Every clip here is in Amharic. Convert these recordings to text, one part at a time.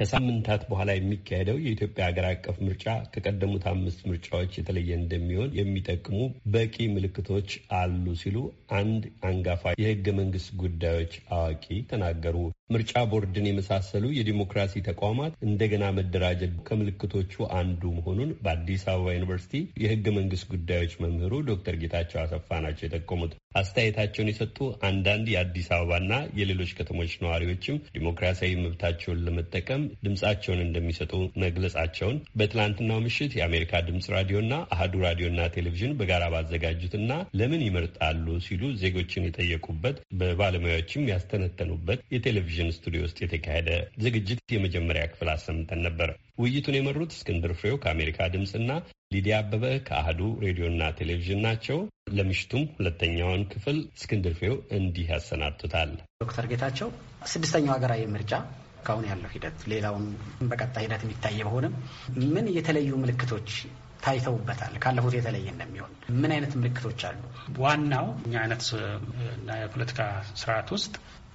ከሳምንታት በኋላ የሚካሄደው የኢትዮጵያ ሀገር አቀፍ ምርጫ ከቀደሙት አምስት ምርጫዎች የተለየ እንደሚሆን የሚጠቅሙ በቂ ምልክቶች አሉ ሲሉ አንድ አንጋፋ የህገ መንግስት ጉዳዮች አዋቂ ተናገሩ። ምርጫ ቦርድን የመሳሰሉ የዲሞክራሲ ተቋማት እንደገና መደራጀት ከምልክቶቹ አንዱ መሆኑን በአዲስ አበባ ዩኒቨርሲቲ የሕገ መንግስት ጉዳዮች መምህሩ ዶክተር ጌታቸው አሰፋ ናቸው የጠቆሙት። አስተያየታቸውን የሰጡ አንዳንድ የአዲስ አበባና የሌሎች ከተሞች ነዋሪዎችም ዲሞክራሲያዊ መብታቸውን ለመጠቀም ድምፃቸውን እንደሚሰጡ መግለጻቸውን በትላንትናው ምሽት የአሜሪካ ድምፅ ራዲዮና አህዱ ራዲዮና ቴሌቪዥን በጋራ ባዘጋጁትና ለምን ይመርጣሉ ሲሉ ዜጎችን የጠየቁበት በባለሙያዎችም ያስተነተኑበት የቴሌቪዥን ቴሌቪዥን ስቱዲዮ ውስጥ የተካሄደ ዝግጅት የመጀመሪያ ክፍል አሰምተን ነበር። ውይይቱን የመሩት እስክንድር ፍሬው ከአሜሪካ እና ሊዲያ አበበ ከአህዱ ሬዲዮና ቴሌቪዥን ናቸው። ለምሽቱም ሁለተኛውን ክፍል እስክንድር ፍሬው እንዲህ ያሰናድቱታል። ዶክተር ጌታቸው ስድስተኛው ሀገራዊ ምርጫ እስካሁን ያለው ሂደት ሌላውን በቀጣይ ሂደት የሚታይ በሆንም ምን የተለዩ ምልክቶች ታይተውበታል? ካለፉት የተለየ እንደሚሆን ምን አይነት ምልክቶች አሉ? ዋናው እኛ አይነት እና የፖለቲካ ስርዓት ውስጥ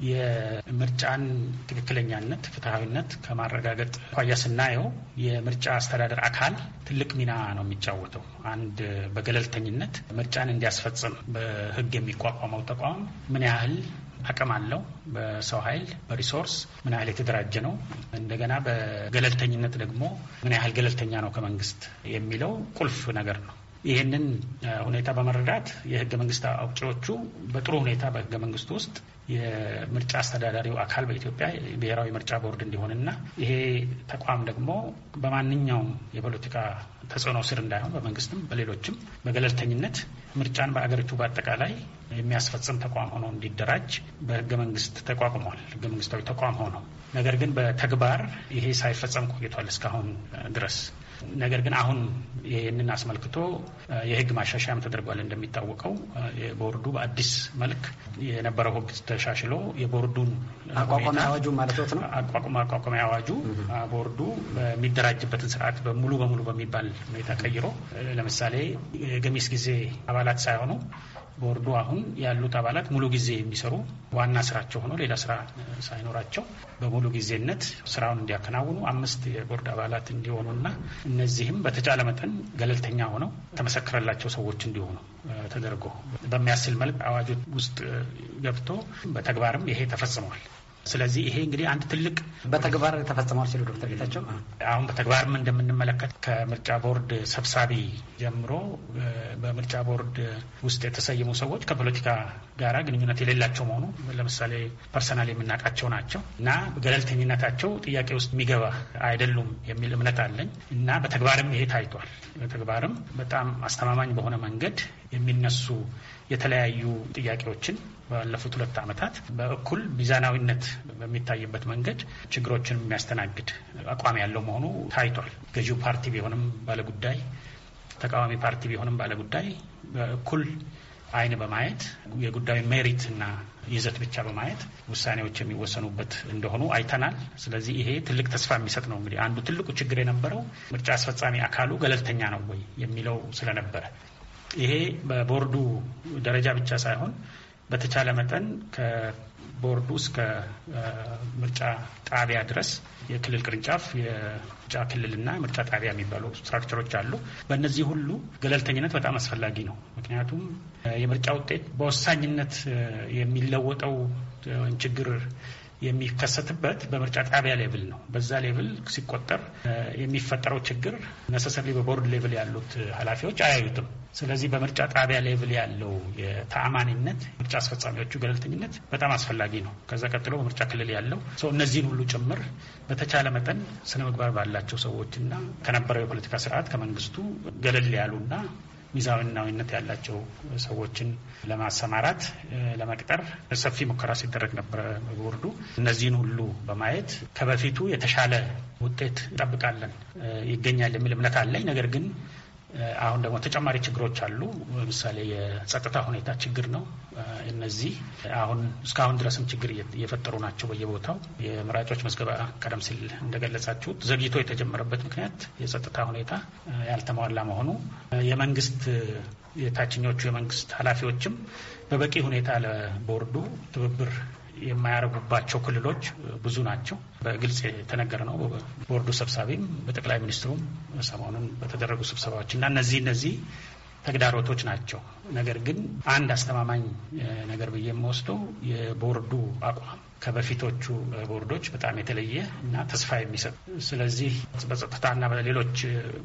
የምርጫን ትክክለኛነት፣ ፍትሐዊነት ከማረጋገጥ አኳያ ስናየው የምርጫ አስተዳደር አካል ትልቅ ሚና ነው የሚጫወተው። አንድ በገለልተኝነት ምርጫን እንዲያስፈጽም በሕግ የሚቋቋመው ተቋም ምን ያህል አቅም አለው፣ በሰው ኃይል በሪሶርስ ምን ያህል የተደራጀ ነው፣ እንደገና በገለልተኝነት ደግሞ ምን ያህል ገለልተኛ ነው ከመንግስት የሚለው ቁልፍ ነገር ነው። ይህንን ሁኔታ በመረዳት የህገ መንግስት አውጪዎቹ በጥሩ ሁኔታ በህገ መንግስት ውስጥ የምርጫ አስተዳዳሪው አካል በኢትዮጵያ ብሔራዊ ምርጫ ቦርድ እንዲሆንና ይሄ ተቋም ደግሞ በማንኛውም የፖለቲካ ተጽዕኖ ስር እንዳይሆን በመንግስትም በሌሎችም በገለልተኝነት ምርጫን በአገሪቱ በአጠቃላይ የሚያስፈጽም ተቋም ሆኖ እንዲደራጅ በህገ መንግስት ተቋቁሟል። ህገ መንግስታዊ ተቋም ሆኖ ነገር ግን በተግባር ይሄ ሳይፈጸም ቆይቷል እስካሁን ድረስ ነገር ግን አሁን ይህንን አስመልክቶ የህግ ማሻሻያም ተደርጓል። እንደሚታወቀው ቦርዱ በአዲስ መልክ የነበረው ህግ ተሻሽሎ የቦርዱን አቋቋሚያ አዋጁ ማለት ነው አቋቋሚያ አዋጁ ቦርዱ በሚደራጅበትን ስርዓት በሙሉ በሙሉ በሚባል ሁኔታ ቀይሮ ለምሳሌ የገሚስ ጊዜ አባላት ሳይሆኑ ቦርዱ አሁን ያሉት አባላት ሙሉ ጊዜ የሚሰሩ ዋና ስራቸው ሆኖ ሌላ ስራ ሳይኖራቸው በሙሉ ጊዜነት ስራውን እንዲያከናውኑ አምስት የቦርድ አባላት እንዲሆኑና እነዚህም በተቻለ መጠን ገለልተኛ ሆነው ተመሰከረላቸው ሰዎች እንዲሆኑ ተደርጎ በሚያስችል መልክ አዋጆች ውስጥ ገብቶ በተግባርም ይሄ ተፈጽሟል። ስለዚህ ይሄ እንግዲህ አንድ ትልቅ በተግባር ተፈጽሟል ሲሉ ዶክተር ጌታቸው አሁን በተግባርም እንደምንመለከት ከምርጫ ቦርድ ሰብሳቢ ጀምሮ በምርጫ ቦርድ ውስጥ የተሰየሙ ሰዎች ከፖለቲካ ጋር ግንኙነት የሌላቸው መሆኑ ለምሳሌ ፐርሰናል የምናውቃቸው ናቸው እና ገለልተኝነታቸው ጥያቄ ውስጥ የሚገባ አይደሉም የሚል እምነት አለኝ እና በተግባርም ይሄ ታይቷል። በተግባርም በጣም አስተማማኝ በሆነ መንገድ የሚነሱ የተለያዩ ጥያቄዎችን ባለፉት ሁለት ዓመታት በእኩል ሚዛናዊነት በሚታይበት መንገድ ችግሮችን የሚያስተናግድ አቋም ያለው መሆኑ ታይቷል። ገዢው ፓርቲ ቢሆንም ባለጉዳይ፣ ተቃዋሚ ፓርቲ ቢሆንም ባለጉዳይ በእኩል አይን በማየት የጉዳዩን ሜሪት እና ይዘት ብቻ በማየት ውሳኔዎች የሚወሰኑበት እንደሆኑ አይተናል። ስለዚህ ይሄ ትልቅ ተስፋ የሚሰጥ ነው። እንግዲህ አንዱ ትልቁ ችግር የነበረው ምርጫ አስፈጻሚ አካሉ ገለልተኛ ነው ወይ የሚለው ስለነበረ ይሄ በቦርዱ ደረጃ ብቻ ሳይሆን በተቻለ መጠን ከቦርዱ እስከ ምርጫ ጣቢያ ድረስ የክልል ቅርንጫፍ የምርጫ ክልልና ምርጫ ጣቢያ የሚባሉ ስትራክቸሮች አሉ። በእነዚህ ሁሉ ገለልተኝነት በጣም አስፈላጊ ነው። ምክንያቱም የምርጫ ውጤት በወሳኝነት የሚለወጠው ችግር የሚከሰትበት በምርጫ ጣቢያ ሌቭል ነው። በዛ ሌቭል ሲቆጠር የሚፈጠረው ችግር ነሰሰርሊ በቦርድ ሌቭል ያሉት ኃላፊዎች አያዩትም። ስለዚህ በምርጫ ጣቢያ ሌቭል ያለው የተአማኒነት ምርጫ አስፈጻሚዎቹ ገለልተኝነት በጣም አስፈላጊ ነው። ከዛ ቀጥሎ በምርጫ ክልል ያለው ሰው እነዚህን ሁሉ ጭምር በተቻለ መጠን ስነ ምግባር ባላቸው ሰዎችና ከነበረው የፖለቲካ ስርዓት ከመንግስቱ ገለል ያሉና ሚዛናዊነት ያላቸው ሰዎችን ለማሰማራት ለመቅጠር ሰፊ ሙከራ ሲደረግ ነበረ በቦርዱ። እነዚህን ሁሉ በማየት ከበፊቱ የተሻለ ውጤት እንጠብቃለን ይገኛል የሚል እምነት አለኝ። ነገር ግን አሁን ደግሞ ተጨማሪ ችግሮች አሉ። ለምሳሌ የጸጥታ ሁኔታ ችግር ነው። እነዚህ አሁን እስካሁን ድረስም ችግር እየፈጠሩ ናቸው በየቦታው። የመራጮች መዝገባ ቀደም ሲል እንደገለጻችሁት ዘግይቶ የተጀመረበት ምክንያት የጸጥታ ሁኔታ ያልተሟላ መሆኑ፣ የመንግስት የታችኞቹ የመንግስት ኃላፊዎችም በበቂ ሁኔታ ለቦርዱ ትብብር የማያረጉባቸው ክልሎች ብዙ ናቸው። በግልጽ የተነገረ ነው። ቦርዱ ሰብሳቢም በጠቅላይ ሚኒስትሩም ሰሞኑን በተደረጉ ስብሰባዎች እና እነዚህ እነዚህ ተግዳሮቶች ናቸው። ነገር ግን አንድ አስተማማኝ ነገር ብዬ የምወስደው የቦርዱ አቋም ከበፊቶቹ ቦርዶች በጣም የተለየ እና ተስፋ የሚሰጥ ስለዚህ በጸጥታና በሌሎች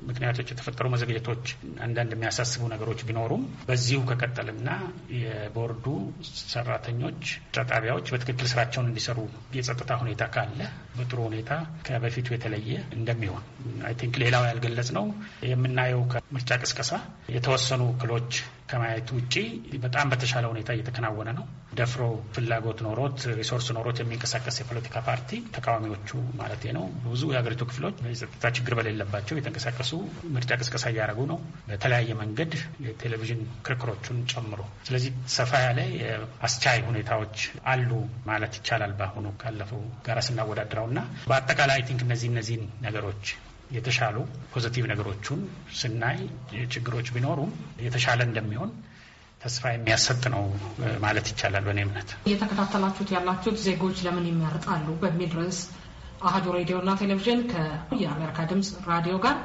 ምክንያቶች የተፈጠሩ መዘግየቶች አንዳንድ የሚያሳስቡ ነገሮች ቢኖሩም በዚሁ ከቀጠልና የቦርዱ ሰራተኞች ጣቢያዎች በትክክል ስራቸውን እንዲሰሩ የጸጥታ ሁኔታ ካለ በጥሩ ሁኔታ ከበፊቱ የተለየ እንደሚሆን አይ ቲንክ ሌላው ያልገለጽ ነው የምናየው ከምርጫ ቅስቀሳ የተወሰኑ ክሎች ከማየት ውጭ በጣም በተሻለ ሁኔታ እየተከናወነ ነው። ደፍሮ ፍላጎት ኖሮት ሪሶርስ ኖሮት የሚንቀሳቀስ የፖለቲካ ፓርቲ ተቃዋሚዎቹ ማለት ነው። ብዙ የሀገሪቱ ክፍሎች የጸጥታ ችግር በሌለባቸው የተንቀሳቀሱ ምርጫ ቅስቀሳ እያደረጉ ነው፣ በተለያየ መንገድ የቴሌቪዥን ክርክሮቹን ጨምሮ። ስለዚህ ሰፋ ያለ አስቻይ ሁኔታዎች አሉ ማለት ይቻላል። በአሁኑ ካለፈው ጋራ ስናወዳድረው እና በአጠቃላይ አይ ቲንክ እነዚህ እነዚህን ነገሮች የተሻሉ ፖዘቲቭ ነገሮቹን ስናይ ችግሮች ቢኖሩም የተሻለ እንደሚሆን ተስፋ የሚያሰጥ ነው ማለት ይቻላል። በእኔ እምነት እየተከታተላችሁት ያላችሁት ዜጎች ለምን ይመርጣሉ በሚል ርዕስ አህዱ ሬዲዮና ቴሌቪዥን ከየአሜሪካ ድምፅ ራዲዮ ጋር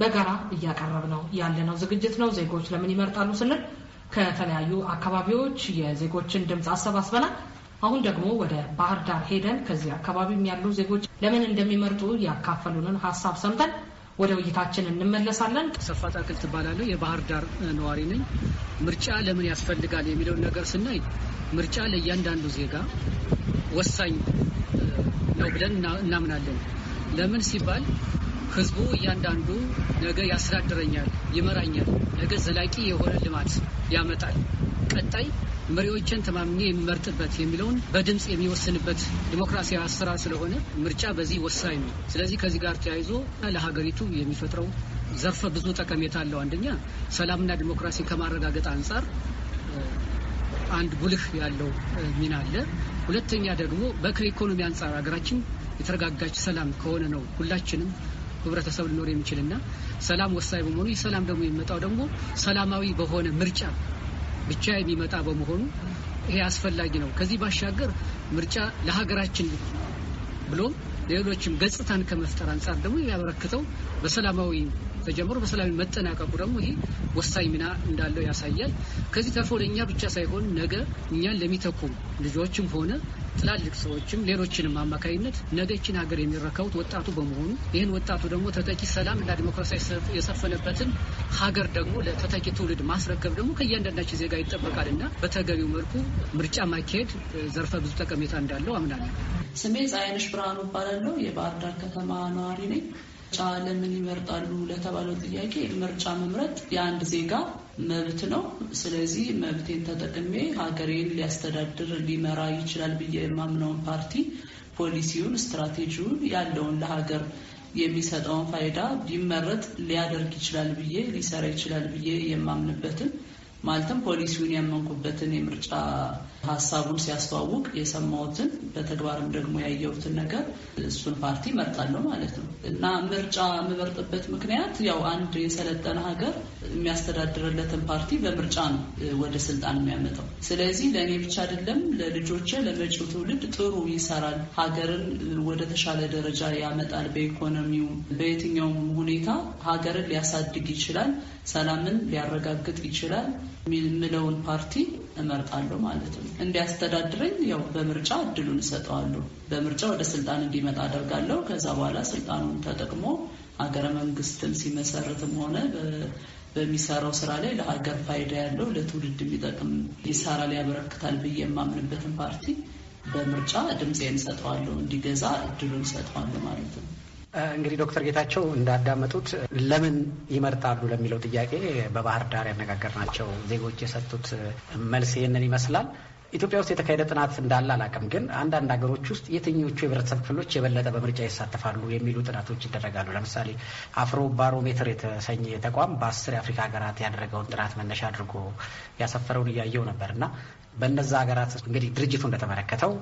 በጋራ እያቀረብ ነው ያለነው ዝግጅት ነው። ዜጎች ለምን ይመርጣሉ ስንል ከተለያዩ አካባቢዎች የዜጎችን ድምፅ አሰባስበናል። አሁን ደግሞ ወደ ባህር ዳር ሄደን ከዚህ አካባቢም ያሉ ዜጎች ለምን እንደሚመርጡ ያካፈሉንን ሀሳብ ሰምተን ወደ ውይይታችን እንመለሳለን። ሰፋ ታክል ትባላለሁ። የባህር ዳር ነዋሪ ነኝ። ምርጫ ለምን ያስፈልጋል የሚለውን ነገር ስናይ ምርጫ ለእያንዳንዱ ዜጋ ወሳኝ ነው ብለን እናምናለን። ለምን ሲባል ህዝቡ እያንዳንዱ ነገ ያስተዳድረኛል፣ ይመራኛል፣ ነገ ዘላቂ የሆነ ልማት ያመጣል፣ ቀጣይ መሪዎችን ተማምኜ የሚመርጥበት የሚለውን በድምፅ የሚወስንበት ዲሞክራሲያዊ አሰራር ስለሆነ ምርጫ በዚህ ወሳኝ ነው። ስለዚህ ከዚህ ጋር ተያይዞ ለሀገሪቱ የሚፈጥረው ዘርፈ ብዙ ጠቀሜታ አለው። አንደኛ ሰላምና ዲሞክራሲን ከማረጋገጥ አንጻር አንድ ጉልህ ያለው ሚና አለ። ሁለተኛ ደግሞ በከኢኮኖሚ አንጻር ሀገራችን የተረጋጋች ሰላም ከሆነ ነው ሁላችንም ህብረተሰብ ሊኖር የሚችልና ሰላም ወሳኝ በመሆኑ የሰላም ሰላም ደግሞ የሚመጣው ደግሞ ሰላማዊ በሆነ ምርጫ ብቻ የሚመጣ በመሆኑ ይሄ አስፈላጊ ነው። ከዚህ ባሻገር ምርጫ ለሀገራችን ብሎም ሌሎችም ገጽታን ከመፍጠር አንጻር ደግሞ የሚያበረክተው በሰላማዊ ተጀምሮ በሰላም መጠናቀቁ ደግሞ ይሄ ወሳኝ ሚና እንዳለው ያሳያል። ከዚህ ተርፎ ለእኛ ብቻ ሳይሆን ነገ እኛን ለሚተኩም ልጆችም ሆነ ትላልቅ ሰዎችም ሌሎችንም አማካኝነት ነገችን ሀገር የሚረከቡት ወጣቱ በመሆኑ ይህን ወጣቱ ደግሞ ተተኪ ሰላም እና ዲሞክራሲ የሰፈነበትን ሀገር ደግሞ ለተተኪ ትውልድ ማስረከብ ደግሞ ከእያንዳንዳችን ዜጋ ይጠበቃል እና በተገቢው መልኩ ምርጫ ማካሄድ ዘርፈ ብዙ ጠቀሜታ እንዳለው አምናለሁ። ስሜ ፀሐይነሽ ብርሃኑ እባላለሁ። የባህር ዳር ከተማ ነዋሪ ነኝ። ምርጫ ለምን ይመርጣሉ ለተባለው ጥያቄ ምርጫ መምረጥ የአንድ ዜጋ መብት ነው። ስለዚህ መብቴን ተጠቅሜ ሀገሬን ሊያስተዳድር ሊመራ ይችላል ብዬ የማምነውን ፓርቲ ፖሊሲውን፣ ስትራቴጂውን ያለውን ለሀገር የሚሰጠውን ፋይዳ ቢመረጥ ሊያደርግ ይችላል ብዬ ሊሰራ ይችላል ብዬ የማምንበትን ማለትም ፖሊሲውን ያመንኩበትን የምርጫ ሀሳቡን ሲያስተዋውቅ የሰማሁትን በተግባርም ደግሞ ያየሁትን ነገር እሱን ፓርቲ መርጣለሁ ማለት ነው እና ምርጫ የምመርጥበት ምክንያት ያው አንድ የሰለጠነ ሀገር የሚያስተዳድርለትን ፓርቲ በምርጫ ነው ወደ ስልጣን የሚያመጣው። ስለዚህ ለእኔ ብቻ አይደለም፣ ለልጆቼ ለመጪው ትውልድ ጥሩ ይሰራል፣ ሀገርን ወደ ተሻለ ደረጃ ያመጣል፣ በኢኮኖሚው በየትኛውም ሁኔታ ሀገርን ሊያሳድግ ይችላል፣ ሰላምን ሊያረጋግጥ ይችላል የሚለውን ፓርቲ እመርጣለሁ ማለት ነው። እንዲያስተዳድረኝ ያው በምርጫ እድሉን እሰጠዋለሁ። በምርጫ ወደ ስልጣን እንዲመጣ አደርጋለሁ። ከዛ በኋላ ስልጣኑን ተጠቅሞ ሀገረ መንግስትን ሲመሰርትም ሆነ በሚሰራው ስራ ላይ ለሀገር ፋይዳ ያለው ለትውልድ የሚጠቅም ይሰራ ሊያበረክታል ብዬ የማምንበትን ፓርቲ በምርጫ ድምፄን እሰጠዋለሁ፣ እንዲገዛ እድሉን እሰጠዋለሁ ማለት ነው። እንግዲህ ዶክተር ጌታቸው እንዳዳመጡት ለምን ይመርጣሉ ለሚለው ጥያቄ በባህር ዳር ያነጋገርናቸው ዜጎች የሰጡት መልስ ይህንን ይመስላል። ኢትዮጵያ ውስጥ የተካሄደ ጥናት እንዳለ አላውቅም፣ ግን አንዳንድ ሀገሮች ውስጥ የትኞቹ የህብረተሰብ ክፍሎች የበለጠ በምርጫ ይሳተፋሉ የሚሉ ጥናቶች ይደረጋሉ። ለምሳሌ አፍሮ ባሮሜትር የተሰኘ ተቋም በአስር የአፍሪካ ሀገራት ያደረገውን ጥናት መነሻ አድርጎ ያሰፈረውን እያየው ነበር እና በእነዛ ሀገራት እንግዲህ ድርጅቱ እንደተመለከተው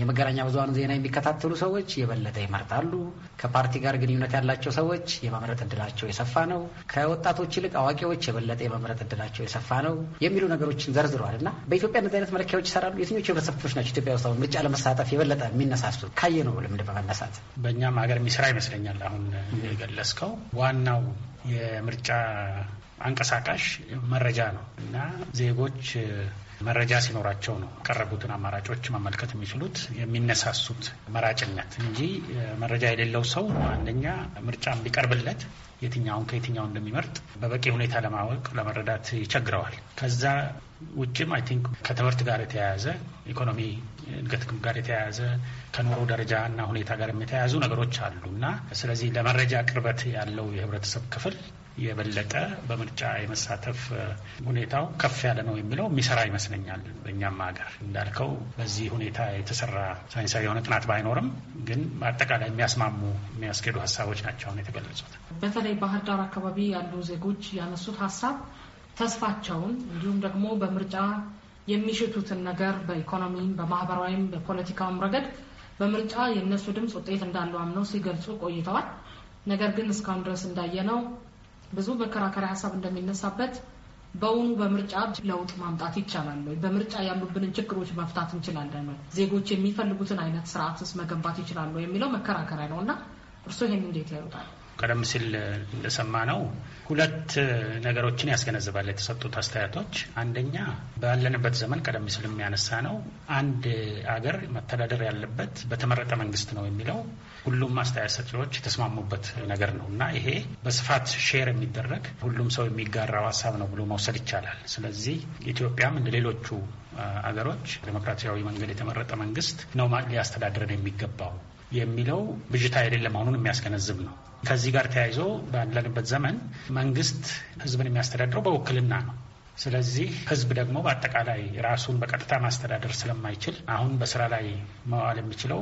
የመገናኛ ብዙሀኑ ዜና የሚከታተሉ ሰዎች የበለጠ ይመርጣሉ። ከፓርቲ ጋር ግንኙነት ያላቸው ሰዎች የመምረጥ እድላቸው የሰፋ ነው። ከወጣቶች ይልቅ አዋቂዎች የበለጠ የመምረጥ እድላቸው የሰፋ ነው የሚሉ ነገሮችን ዘርዝረዋል እና በኢትዮጵያ እነዚህ አይነት መለኪያዎች ይሰራሉ። የትኞቹ የህብረተሰብ ክፍሎች ናቸው ኢትዮጵያ ውስጥ አሁን ምርጫ ለመሳተፍ የበለጠ የሚነሳሱ ካየ ነው ልምድ በመነሳት በእኛም ሀገር የሚሰራ ይመስለኛል። አሁን የገለጽከው ዋናው የምርጫ አንቀሳቃሽ መረጃ ነው እና ዜጎች መረጃ ሲኖራቸው ነው ቀረቡትን አማራጮች መመልከት የሚችሉት የሚነሳሱት መራጭነት እንጂ መረጃ የሌለው ሰው አንደኛ ምርጫም ቢቀርብለት የትኛውን ከየትኛው እንደሚመርጥ በበቂ ሁኔታ ለማወቅ ለመረዳት ይቸግረዋል። ከዛ ውጭም አይ ቲንክ ከትምህርት ጋር የተያያዘ ኢኮኖሚ እድገት ጋር የተያያዘ ከኑሮ ደረጃ እና ሁኔታ ጋር የተያያዙ ነገሮች አሉ እና ስለዚህ ለመረጃ ቅርበት ያለው የህብረተሰብ ክፍል የበለጠ በምርጫ የመሳተፍ ሁኔታው ከፍ ያለ ነው የሚለው የሚሰራ ይመስለኛል። በእኛም ሀገር እንዳልከው በዚህ ሁኔታ የተሰራ ሳይንሳዊ የሆነ ጥናት ባይኖርም ግን አጠቃላይ የሚያስማሙ የሚያስኬዱ ሀሳቦች ናቸው አሁን የተገለጹት። በተለይ ባህር ዳር አካባቢ ያሉ ዜጎች ያነሱት ሀሳብ ተስፋቸውን እንዲሁም ደግሞ በምርጫ የሚሽቱትን ነገር በኢኮኖሚም፣ በማህበራዊም በፖለቲካውም ረገድ በምርጫ የእነሱ ድምፅ ውጤት እንዳለው አምነው ሲገልጹ ቆይተዋል። ነገር ግን እስካሁን ድረስ እንዳየነው ብዙ መከራከሪያ ሀሳብ እንደሚነሳበት በውኑ በምርጫ ለውጥ ማምጣት ይቻላል ወይ? በምርጫ ያሉብንን ችግሮች መፍታት እንችላለን ወይ? ዜጎች የሚፈልጉትን አይነት ስርዓትስ መገንባት ይችላሉ የሚለው መከራከሪያ ነው እና እርስዎ ይህን እንዴት ያዩታል? ቀደም ሲል እንደሰማ ነው ሁለት ነገሮችን ያስገነዝባል የተሰጡት አስተያየቶች። አንደኛ ባለንበት ዘመን ቀደም ሲል የሚያነሳ ነው አንድ አገር መተዳደር ያለበት በተመረጠ መንግስት ነው የሚለው ሁሉም አስተያየት ሰጪዎች የተስማሙበት ነገር ነው እና ይሄ በስፋት ሼር የሚደረግ ሁሉም ሰው የሚጋራው ሀሳብ ነው ብሎ መውሰድ ይቻላል። ስለዚህ ኢትዮጵያም እንደ ሌሎቹ አገሮች ዴሞክራሲያዊ መንገድ የተመረጠ መንግስት ነው ሊያስተዳድረን የሚገባው የሚለው ብዥታ የሌለ መሆኑን የሚያስገነዝብ ነው። ከዚህ ጋር ተያይዞ ባለንበት ዘመን መንግስት ህዝብን የሚያስተዳድረው በውክልና ነው። ስለዚህ ህዝብ ደግሞ በአጠቃላይ ራሱን በቀጥታ ማስተዳደር ስለማይችል አሁን በስራ ላይ መዋል የሚችለው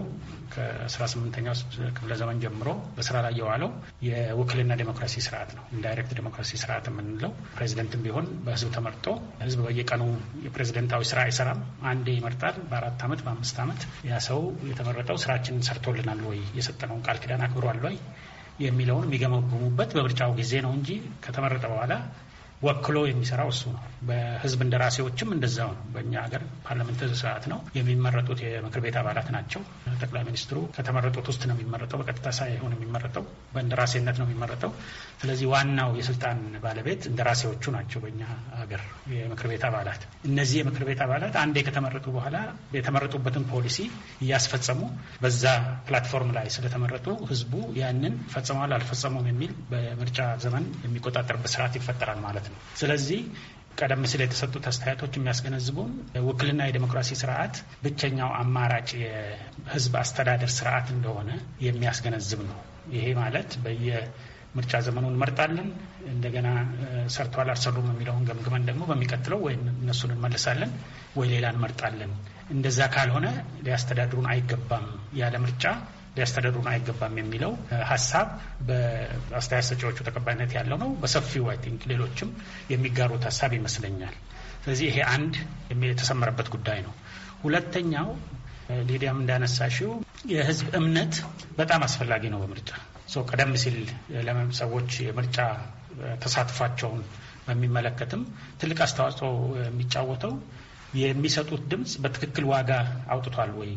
ከ18ኛው ክፍለ ዘመን ጀምሮ በስራ ላይ የዋለው የውክልና ዴሞክራሲ ስርዓት ነው። ኢንዳይሬክት ዴሞክራሲ ስርዓት የምንለው ፕሬዚደንትም ቢሆን በህዝብ ተመርጦ ህዝብ በየቀኑ የፕሬዚደንታዊ ስራ አይሰራም። አንዴ ይመርጣል። በአራት ዓመት በአምስት ዓመት ያ ሰው የተመረጠው ስራችንን ሰርቶልናል ወይ፣ የሰጠነውን ቃል ኪዳን አክብሯል ወይ የሚለውን የሚገመግሙበት በምርጫው ጊዜ ነው እንጂ ከተመረጠ በኋላ ወክሎ የሚሰራው እሱ ነው። በህዝብ እንደራሴዎችም እንደዛው ነው። በእኛ ሀገር ፓርላመንት ስርዓት ነው። የሚመረጡት የምክር ቤት አባላት ናቸው። ጠቅላይ ሚኒስትሩ ከተመረጡት ውስጥ ነው የሚመረጠው። በቀጥታ ሳይሆን የሚመረጠው በእንደራሴነት ነው የሚመረጠው። ስለዚህ ዋናው የስልጣን ባለቤት እንደራሴዎቹ ናቸው። በእኛ ሀገር የምክር ቤት አባላት እነዚህ የምክር ቤት አባላት አንዴ ከተመረጡ በኋላ የተመረጡበትን ፖሊሲ እያስፈጸሙ በዛ ፕላትፎርም ላይ ስለተመረጡ ህዝቡ ያንን ፈጽመዋል አልፈጸሙም የሚል በምርጫ ዘመን የሚቆጣጠርበት ስርዓት ይፈጠራል ማለት ነው። ነው። ስለዚህ ቀደም ሲል የተሰጡት አስተያየቶች የሚያስገነዝቡን ውክልና የዴሞክራሲ ስርዓት ብቸኛው አማራጭ የህዝብ አስተዳደር ስርዓት እንደሆነ የሚያስገነዝብ ነው። ይሄ ማለት በየምርጫ ዘመኑ እንመርጣለን፣ እንደገና ሰርተዋል አልሰሩም የሚለውን ገምግመን ደግሞ በሚቀጥለው ወይ እነሱን እንመልሳለን ወይ ሌላ እንመርጣለን። እንደዛ ካልሆነ ሊያስተዳድሩን አይገባም ያለ ምርጫ ሊያስተዳድሩን አይገባም የሚለው ሀሳብ በአስተያየት ሰጪዎቹ ተቀባይነት ያለው ነው። በሰፊው አይ ቲንክ ሌሎችም የሚጋሩት ሀሳብ ይመስለኛል። ስለዚህ ይሄ አንድ የተሰመረበት ጉዳይ ነው። ሁለተኛው ሊዲያም እንዳነሳሽው የህዝብ እምነት በጣም አስፈላጊ ነው በምርጫ ቀደም ሲል ሰዎች የምርጫ ተሳትፏቸውን በሚመለከትም ትልቅ አስተዋጽኦ የሚጫወተው የሚሰጡት ድምፅ በትክክል ዋጋ አውጥቷል ወይ?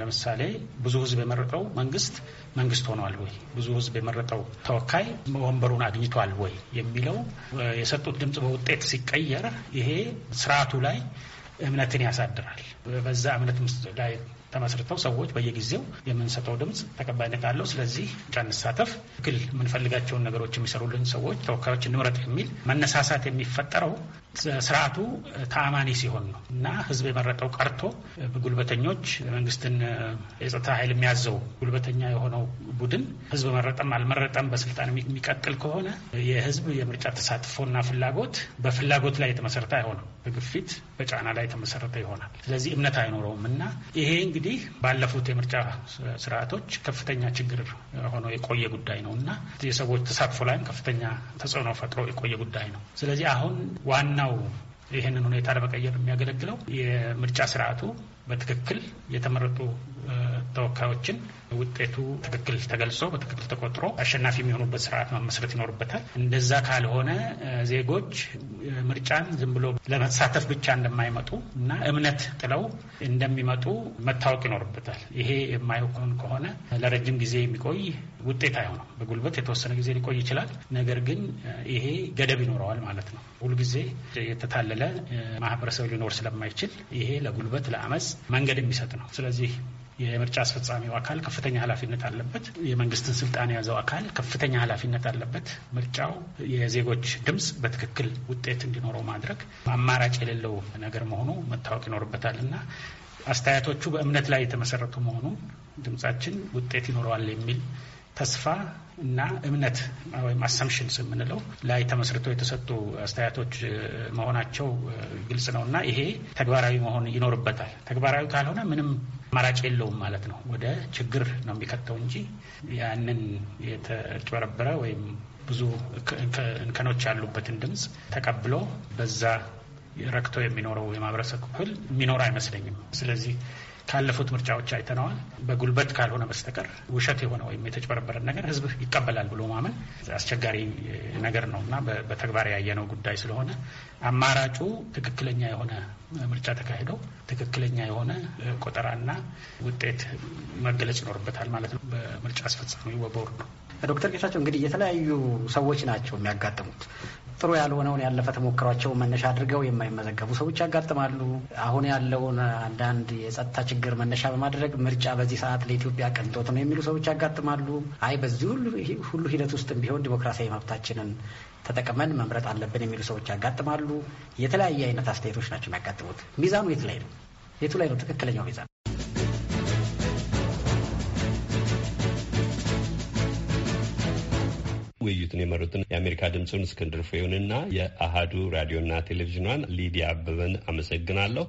ለምሳሌ ብዙ ህዝብ የመረጠው መንግስት መንግስት ሆኗል ወይ? ብዙ ህዝብ የመረጠው ተወካይ ወንበሩን አግኝቷል ወይ? የሚለው የሰጡት ድምፅ በውጤት ሲቀየር ይሄ ስርዓቱ ላይ እምነትን ያሳድራል። በዛ እምነት ላይ ተመስርተው ሰዎች በየጊዜው የምንሰጠው ድምፅ ተቀባይነት አለው። ስለዚህ እንዳንሳተፍ ግል የምንፈልጋቸውን ነገሮች የሚሰሩልን ሰዎች ተወካዮች እንምረጥ የሚል መነሳሳት የሚፈጠረው ስርዓቱ ተአማኒ ሲሆን ነው እና ህዝብ የመረጠው ቀርቶ ጉልበተኞች መንግስትን የጸጥታ ኃይል የሚያዘው ጉልበተኛ የሆነው ቡድን ህዝብ መረጠም አልመረጠም በስልጣን የሚቀጥል ከሆነ የህዝብ የምርጫ ተሳትፎና ፍላጎት በፍላጎት ላይ የተመሰረተ አይሆንም። በግፊት በጫና ላይ የተመሰረተ ይሆናል። ስለዚህ እምነት አይኖረውም እና ይሄ እንግዲህ እንግዲህ ባለፉት የምርጫ ስርዓቶች ከፍተኛ ችግር ሆኖ የቆየ ጉዳይ ነው እና የሰዎች ተሳትፎ ላይም ከፍተኛ ተጽዕኖ ፈጥሮ የቆየ ጉዳይ ነው። ስለዚህ አሁን ዋናው ይህንን ሁኔታ ለመቀየር የሚያገለግለው የምርጫ ስርዓቱ በትክክል የተመረጡ ተወካዮችን ውጤቱ ትክክል ተገልጾ በትክክል ተቆጥሮ አሸናፊ የሚሆኑበት ስርዓት መመስረት ይኖርበታል። እንደዛ ካልሆነ ዜጎች ምርጫን ዝም ብሎ ለመሳተፍ ብቻ እንደማይመጡ እና እምነት ጥለው እንደሚመጡ መታወቅ ይኖርበታል። ይሄ የማይሆን ከሆነ ለረጅም ጊዜ የሚቆይ ውጤት አይሆነም። በጉልበት የተወሰነ ጊዜ ሊቆይ ይችላል። ነገር ግን ይሄ ገደብ ይኖረዋል ማለት ነው። ሁልጊዜ የተታለለ ማህበረሰብ ሊኖር ስለማይችል ይሄ ለጉልበት ለአመፅ መንገድ የሚሰጥ ነው። ስለዚህ የምርጫ አስፈጻሚው አካል ከፍተኛ ኃላፊነት አለበት። የመንግስትን ስልጣን የያዘው አካል ከፍተኛ ኃላፊነት አለበት። ምርጫው የዜጎች ድምፅ በትክክል ውጤት እንዲኖረው ማድረግ አማራጭ የሌለው ነገር መሆኑ መታወቅ ይኖርበታል እና አስተያየቶቹ በእምነት ላይ የተመሰረቱ መሆኑ ድምጻችን ውጤት ይኖረዋል የሚል ተስፋ እና እምነት ወይም አሰምሽንስ የምንለው ላይ ተመስርቶ የተሰጡ አስተያየቶች መሆናቸው ግልጽ ነው እና ይሄ ተግባራዊ መሆን ይኖርበታል። ተግባራዊ ካልሆነ ምንም አማራጭ የለውም ማለት ነው። ወደ ችግር ነው የሚከተው እንጂ ያንን የተጭበረበረ ወይም ብዙ እንከኖች ያሉበትን ድምፅ ተቀብሎ በዛ ረክቶ የሚኖረው የማህበረሰብ ክፍል የሚኖር አይመስለኝም። ስለዚህ ካለፉት ምርጫዎች አይተነዋል። በጉልበት ካልሆነ በስተቀር ውሸት የሆነ ወይም የተጭበረበረን ነገር ህዝብ ይቀበላል ብሎ ማመን አስቸጋሪ ነገር ነው እና በተግባር ያየነው ጉዳይ ስለሆነ አማራጩ ትክክለኛ የሆነ ምርጫ ተካሂደው ትክክለኛ የሆነ ቆጠራና ውጤት መገለጽ ይኖርበታል ማለት ነው በምርጫ አስፈጻሚ በቦርዱ ዶክተር ጌታቸው እንግዲህ የተለያዩ ሰዎች ናቸው የሚያጋጥሙት ጥሩ ያልሆነውን ያለፈ ተሞክሯቸው መነሻ አድርገው የማይመዘገቡ ሰዎች ያጋጥማሉ። አሁን ያለውን አንዳንድ የጸጥታ ችግር መነሻ በማድረግ ምርጫ በዚህ ሰዓት ለኢትዮጵያ ቅንጦት ነው የሚሉ ሰዎች ያጋጥማሉ። አይ በዚህ ሁሉ ሂደት ውስጥ ቢሆን ዲሞክራሲያዊ መብታችንን ተጠቅመን መምረጥ አለብን የሚሉ ሰዎች ያጋጥማሉ። የተለያየ አይነት አስተያየቶች ናቸው የሚያጋጥሙት። ሚዛኑ የት ላይ ነው? የቱ ላይ ነው ትክክለኛው ሚዛን? ውይይቱን የመሩትን የአሜሪካ ድምፁን እስክንድር ፍሬውንና የአሃዱ ራዲዮና ቴሌቪዥኗን ሊዲያ አበበን አመሰግናለሁ።